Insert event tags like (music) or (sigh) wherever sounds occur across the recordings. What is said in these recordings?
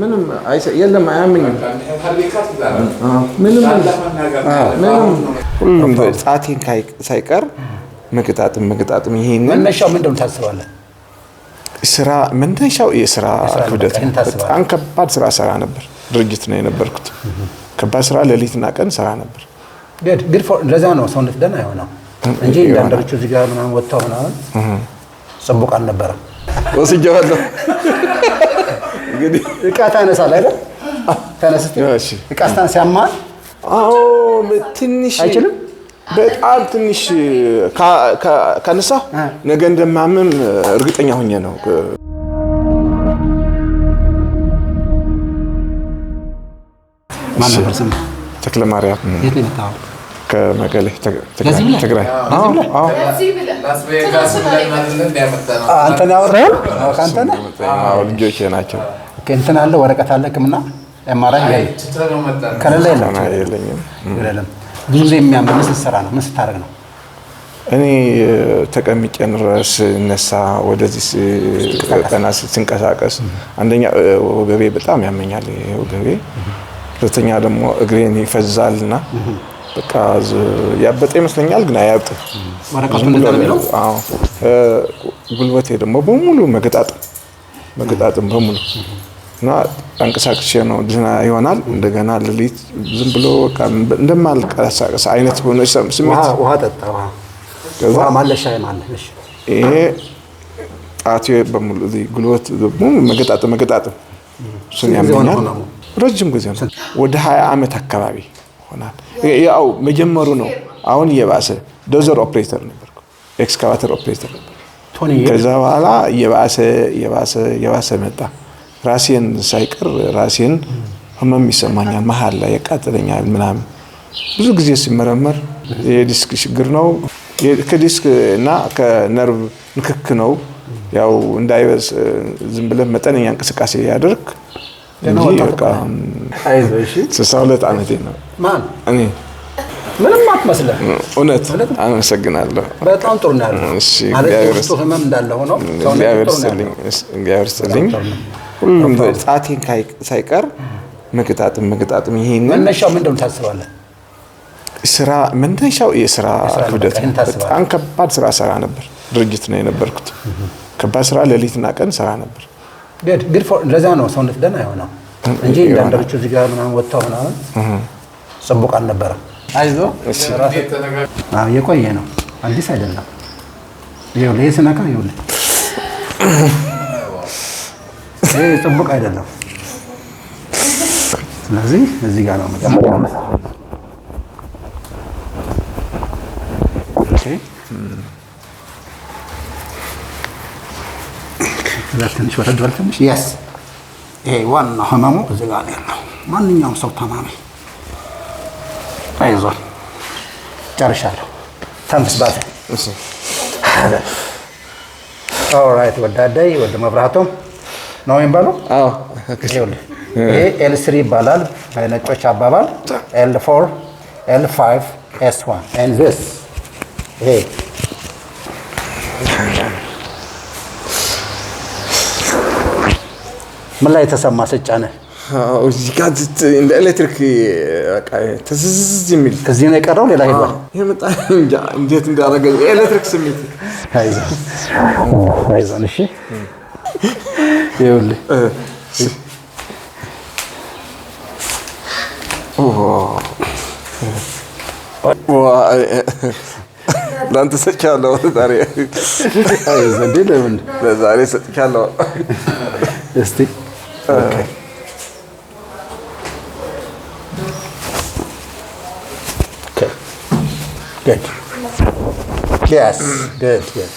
ምንም የለም፣ አያምኝም። ሁሉም ጻቴን ሳይቀር መግጣጥም መግጣጥም። ይሄንን መነሻው ምን ታስባለህ? ስራ መነሻው የስራ ክብደት በጣም ከባድ ስራ ሰራ ነበር። ድርጅት ነው የነበርኩት። ከባድ ስራ ሌሊትና ቀን ሰራ ነበር። ለዛ ነው ሰውነት ደህና የሆነው እንጂ እንዳንዳንዶቹ እዚህ ጋር ምናምን ወጥተው ምናምን ጽቡቅ አልነበረም። ወስጀዋለሁ እንግዲህ እቃ ታነሳለህ አይደል? ተነስ እቃ ስታነሳ ያማል። አዎ ትንሽ አይችልም። በጣም ትንሽ ከነሳ ነገ እንደማምም እርግጠኛ ሆኜ ነው። ተክለ ማርያም ከመቀሌ ትግራይ። አንተን ያወራኸው ልጆቼ ናቸው። እንትን አለ ወረቀት አለ ህክምና ኤምአርአይ ከሌለ የለም። ብዙ ጊዜ የሚያምር ምን ስትሰራ ነው? ምን ስታደርግ ነው? እኔ ተቀምጬን ራስ ነሳ ወደዚህ ቀና ስንቀሳቀስ አንደኛ ወገቤ በጣም ያመኛል፣ ወገቤ ሁለተኛ ደግሞ እግሬን ይፈዛልና በቃ ያበጠ ይመስለኛል፣ ግን አያብጥም። ጉልበቴ ደግሞ በሙሉ መገጣጥም መገጣጥም በሙሉ እና አንቀሳቅሼ ነው ድና ይሆናል። እንደገና ሌሊት ዝም ብሎ እንደማልቀሳቀስ አይነት ሆነ ስሜት። ውሃ ጠጣ። ይሄ ጣቴ በሙሉ ጉልበት ደግሞ መገጣጠም መገጣጠም እሱን ያመኛል። ረጅም ጊዜ ነው፣ ወደ ሀያ ዓመት አካባቢ ሆናል። ያው መጀመሩ ነው። አሁን እየባሰ ዶዘር ኦፕሬተር ነበር፣ ኤክስካቫተር ኦፕሬተር ነበር። ከዛ በኋላ እየባሰ እየባሰ እየባሰ መጣ። ራሴን ሳይቀር ራሴን ህመም ይሰማኛል፣ መሀል ላይ ያቃጥለኛል ምናምን። ብዙ ጊዜ ሲመረመር የዲስክ ችግር ነው ከዲስክ እና ከነርቭ ንክክ ነው። ያው እንዳይበስ ዝም ብለን መጠነኛ እንቅስቃሴ ያደርግ ስልሳ ሁለት ዓመቴ ነው። ምንም እውነት አመሰግናለሁ። በጣም ጥሩ ነው ያለው። እግዚአብሔር ይስጥልኝ። ሁሉም ጻቴን ሳይቀር መግጣጥም መግጣጥም። ይሄ መነሻው ምንድነው ታስባለህ? ስራ መነሻው የስራ ክብደት በጣም ከባድ ስራ ሰራ ነበር። ድርጅት ነው የነበርኩት። ከባድ ስራ ሌሊትና ቀን ስራ ነበር። ለዛ ነው ሰውነት ደህና የሆነው እንጂ እንዳንዳሮቹ እዚህ ጋር ምናምን ወጣው ምናምን ጽቡቅ አልነበረም። አይዞ የቆየ ነው አዲስ አይደለም። ይኸውልህ ይሄ ስነካ ይኸውልህ ይሄ ጥብቅ አይደለም። ስለዚህ እዚህ ጋር ነው መጨመር ያመጣ ትንሽ የስ ይሄ ዋና ህመሙ እዚህ ጋር ያለው ማንኛውም ሰው ታማሚ አይዞን። ጨርሻለሁ። ተንፍስ ባት ኦራይት ወዳዳይ ወደ መብራቱም ነው የሚባለው። ይሄ ኤል ስሪ ይባላል በነጮች አባባል። ኤል ፎር፣ ኤል ፋይቭ፣ ኤስ ዋን ኤንስ ይሄ ምን ላይ የተሰማ ስጫነ እንደ ኤሌክትሪክ ትዝዝ የሚል ከዚህ ነው የቀረው። ሌላ ሄዷል። እንዴት እንዳደረገኝ ኤሌክትሪክ ስሜት ይኸውልህ ለአንተ ሰጥቻለሁ። ዛሬ ዘንዴ ለምን ለዛሬ ሰጥቻለሁ። እስቲ Yes, good, good.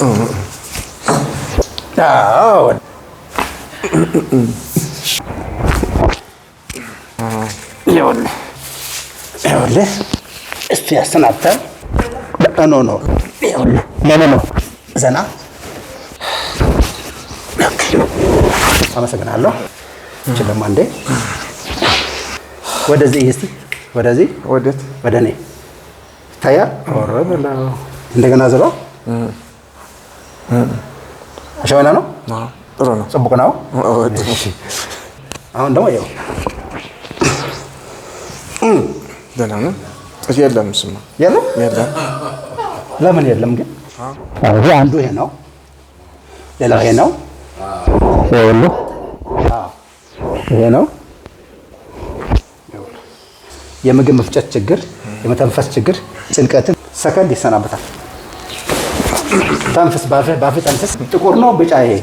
ይኸውልህ እሱ ያሰናብታል። ኖ ኖ ኖ ኖ ዘና አመሰግናለሁ። ችልም አንዴ ወደዚህ እስቲ ወደዚህ ወደ እኔ ይታያል። እንደገና ዝባ ሸበላ ነው። ጥሩ ነው። ጽቡቅ ነው። አሁን ደግሞ ያው ደህና ነው። የለም ስማ፣ የለም የለም። ለምን የለም ግን? ይሄ አንዱ ይሄ ነው፣ ሌላ ይሄ ነው፣ ይሄ ነው። የምግብ መፍጨት ችግር፣ የመተንፈስ ችግር፣ ጭንቀትን ሰከንድ ይሰናበታል። ተንፍስ፣ በአፍህ ተንፍስ። ጥቁር ነው ብጫ? ይሄ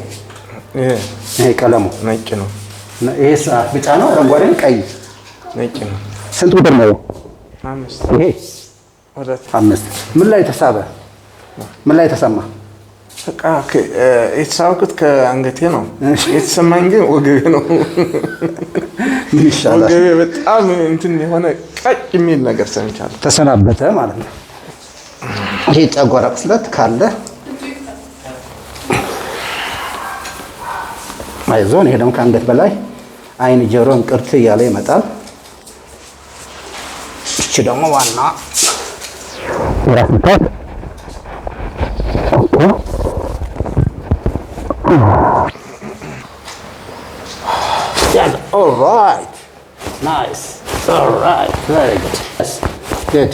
ይሄ ቀለሙ ነጭ ነው። ይሄ ብጫ ነው። አረንጓዴ፣ ቀይ፣ ነጭ ነው። ስንት ቁጥር ነው ይሄ? አምስት። ምን ላይ ተሳበ? ምን ላይ ተሰማ? በቃ የተሳብኩት ከአንገቴ ነው የተሰማኝ፣ ግን ወገቤ ነው። ወገቤ በጣም እንትን የሆነ ቀጭ የሚል ነገር ሰምቻለሁ። ተሰናበተ ማለት ነው። የጨጓራ ቁስለት ካለ አይዞን። ይሄ ደግሞ ከአንገት በላይ አይን፣ ጆሮ፣ እንቅርት እያለ ይመጣል። እቺ ደግሞ ዋና የራስ ምታት ኦል ራይት ናይስ ኦል ራይት ቬሪ ጉድ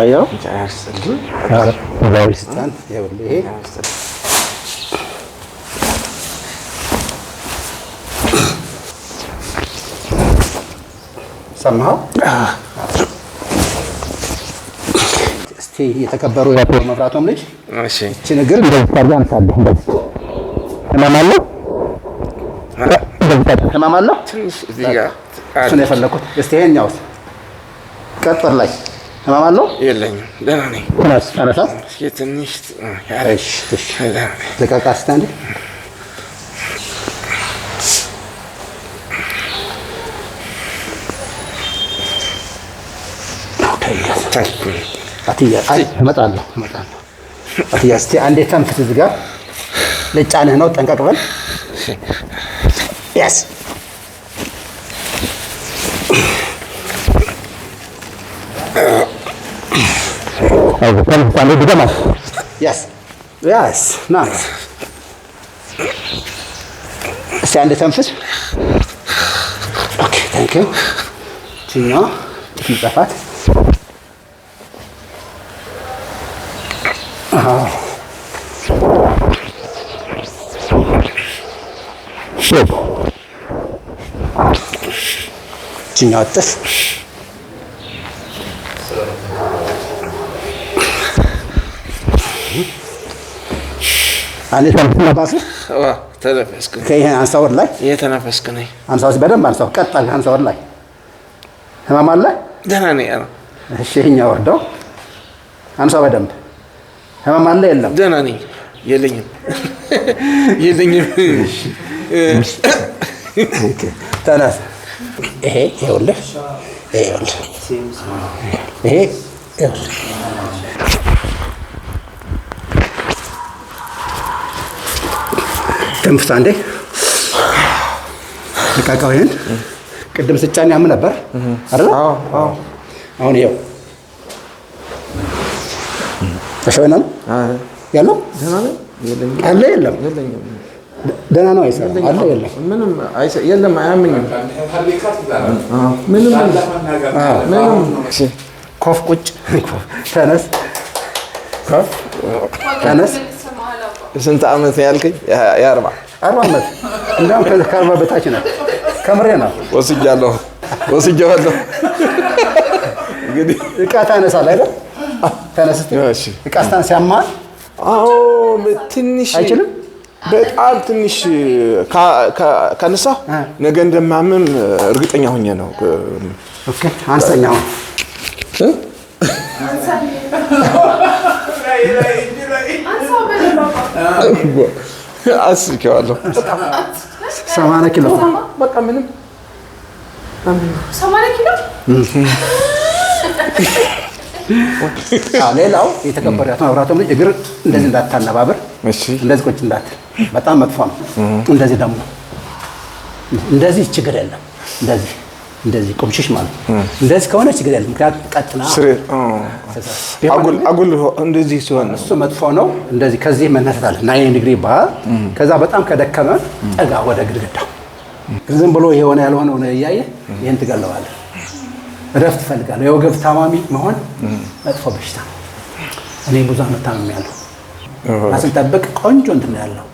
አየው ሰማኸው? እስቲ የተከበሩ የአቶ መብራቶም ልጅ እሺ፣ እግር ነገር እንደዚህ ታርጋ አንሳለሁ። እንደዚህ ህመማለሁ፣ ህመማለሁ። እሱን የፈለኩት እስቲ ይሄኛው ቀጥር ላይ ህመም አለው? የለኝም። ደህና ነኝ። ትናስ እስኪ ትንሽ እመጣለሁ እመጣለሁ። አትያ አንዴ እዚህ ጋር ልጫንህ ነው። ጠንቀቅ በል ያስ Oh, can can you do that much? Yes. Yes. Nice. እስቲ አንድ ተንፍስ። ኦኬ ታንክ ዩ። ቺኛ ትንጠፋት። ቺኛ ወጥፍ አንዴት ላይ የተነፈስክ ነኝ። አንሳውስ በደንብ አንሳው። ቀጥ አድርገህ አንሳ ላይ። ህመም አለ? ደህና ነኝ። እሺ፣ ይሄኛ ወርደው አንሳው በደንብ። ህመም አለ? የለም። ደህና ነኝ። የለኝም፣ የለኝም። ተነስ። ይሄ ይኸውልህ፣ ይሄ ይኸውልህ፣ ይሄ ይኸውልህ ደም ፍታ እንዴ። ልቀቀው። ይሄን ቅድም ስጫን ያም ነበር አይደል? አሁን ይኸው ተሸወናል ያለው አለ የለም ደህና ነው። አይሰራም አለ የለም ምንም የለም። አያምኝም ምንም ምንም። ኮፍ ቁጭ ተነስ፣ ኮፍ ተነስ ስንት ዓመት ነው ያልከኝ? የአርባ አርባ ዓመት እንዲያውም ከአርባ በታች ነው። ከምሬ ነው። ወስጃለሁ ወስጃለሁ። እንግዲህ እቃ ታነሳለህ አይደል? ተነስተህ እቃ ስታነሳ ያማል። አዎ ትንሽ አይችልም። በጣም ትንሽ ካነሳ ነገ እንደማመም እርግጠኛ ሆኜ ነው። ኦኬ አንሰኛው (laughs) አስር ሰማንያ ኪሎ በቃ ምንም ሌላው የተከበሩ አቶ ልጅ እግር እንደዚህ እንዳታነባብር፣ እንደዚህ ቁጭ እንዳትል፣ በጣም መጥፎ ነው። እንደዚህ ደግሞ እንደዚህ ችግር የለም እንደዚህ እንደዚህ ቆምሽሽ ማለት ነው። እንደዚህ ከሆነ ችግር የለም። ምክንያቱም ቀጥላ አጉል አጉል እንደዚህ ሲሆን እሱ መጥፎ ነው። እንደዚህ ከዚህ መነሳት አለ ናይን ዲግሪ ባ ከዛ በጣም ከደከመ ጠጋ ወደ ግድግዳው። ዝም ብሎ የሆነ ያልሆነው እያየ ይህን ትገለዋለ። እረፍት ትፈልጋለሁ። የወገብ ታማሚ መሆን መጥፎ በሽታ። እኔ ብዙ አመት ታምሜያለሁ። ስንጠብቅ ቆንጆ እንትን ያለው